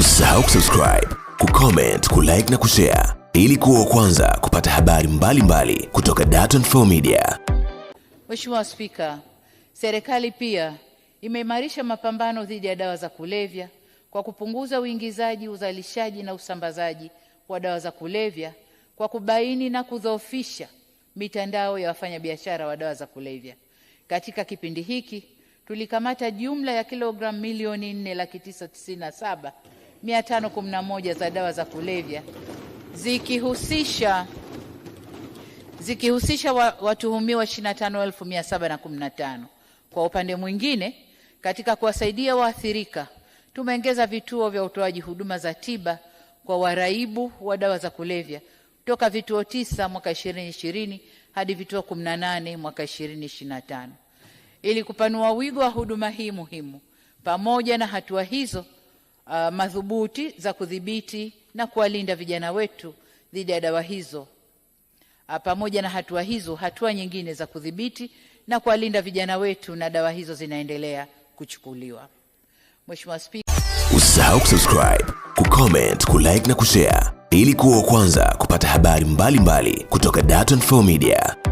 Usisahau kusubscribe, kucomment, kulike na kushare ili kuwa kwanza kupata habari mbalimbali mbali kutoka Dar24 Media. Mheshimiwa Spika, serikali pia imeimarisha mapambano dhidi ya dawa za kulevya kwa kupunguza uingizaji, uzalishaji na usambazaji wa dawa za kulevya kwa kubaini na kudhoofisha mitandao ya wafanyabiashara wa dawa za kulevya. Katika kipindi hiki tulikamata jumla ya kilogramu milioni nne laki tisa tisini na saba 511 za dawa za kulevya zikihusisha zikihusisha watuhumiwa 25715. Kwa upande mwingine, katika kuwasaidia waathirika tumeongeza vituo vya utoaji huduma za tiba kwa waraibu wa dawa za kulevya kutoka vituo tisa mwaka 2020 hadi vituo 18 mwaka 2025 ili kupanua wigo wa huduma hii muhimu. Pamoja na hatua hizo uh, madhubuti za kudhibiti na kuwalinda vijana wetu dhidi ya dawa hizo. Uh, pamoja na hatua hizo, hatua nyingine za kudhibiti na kuwalinda vijana wetu na dawa hizo zinaendelea kuchukuliwa. Mheshimiwa Spika, usisahau kusubscribe, kucomment, kulike na kushare ili kuwa wa kwanza kupata habari mbalimbali mbali kutoka Dar24 Media.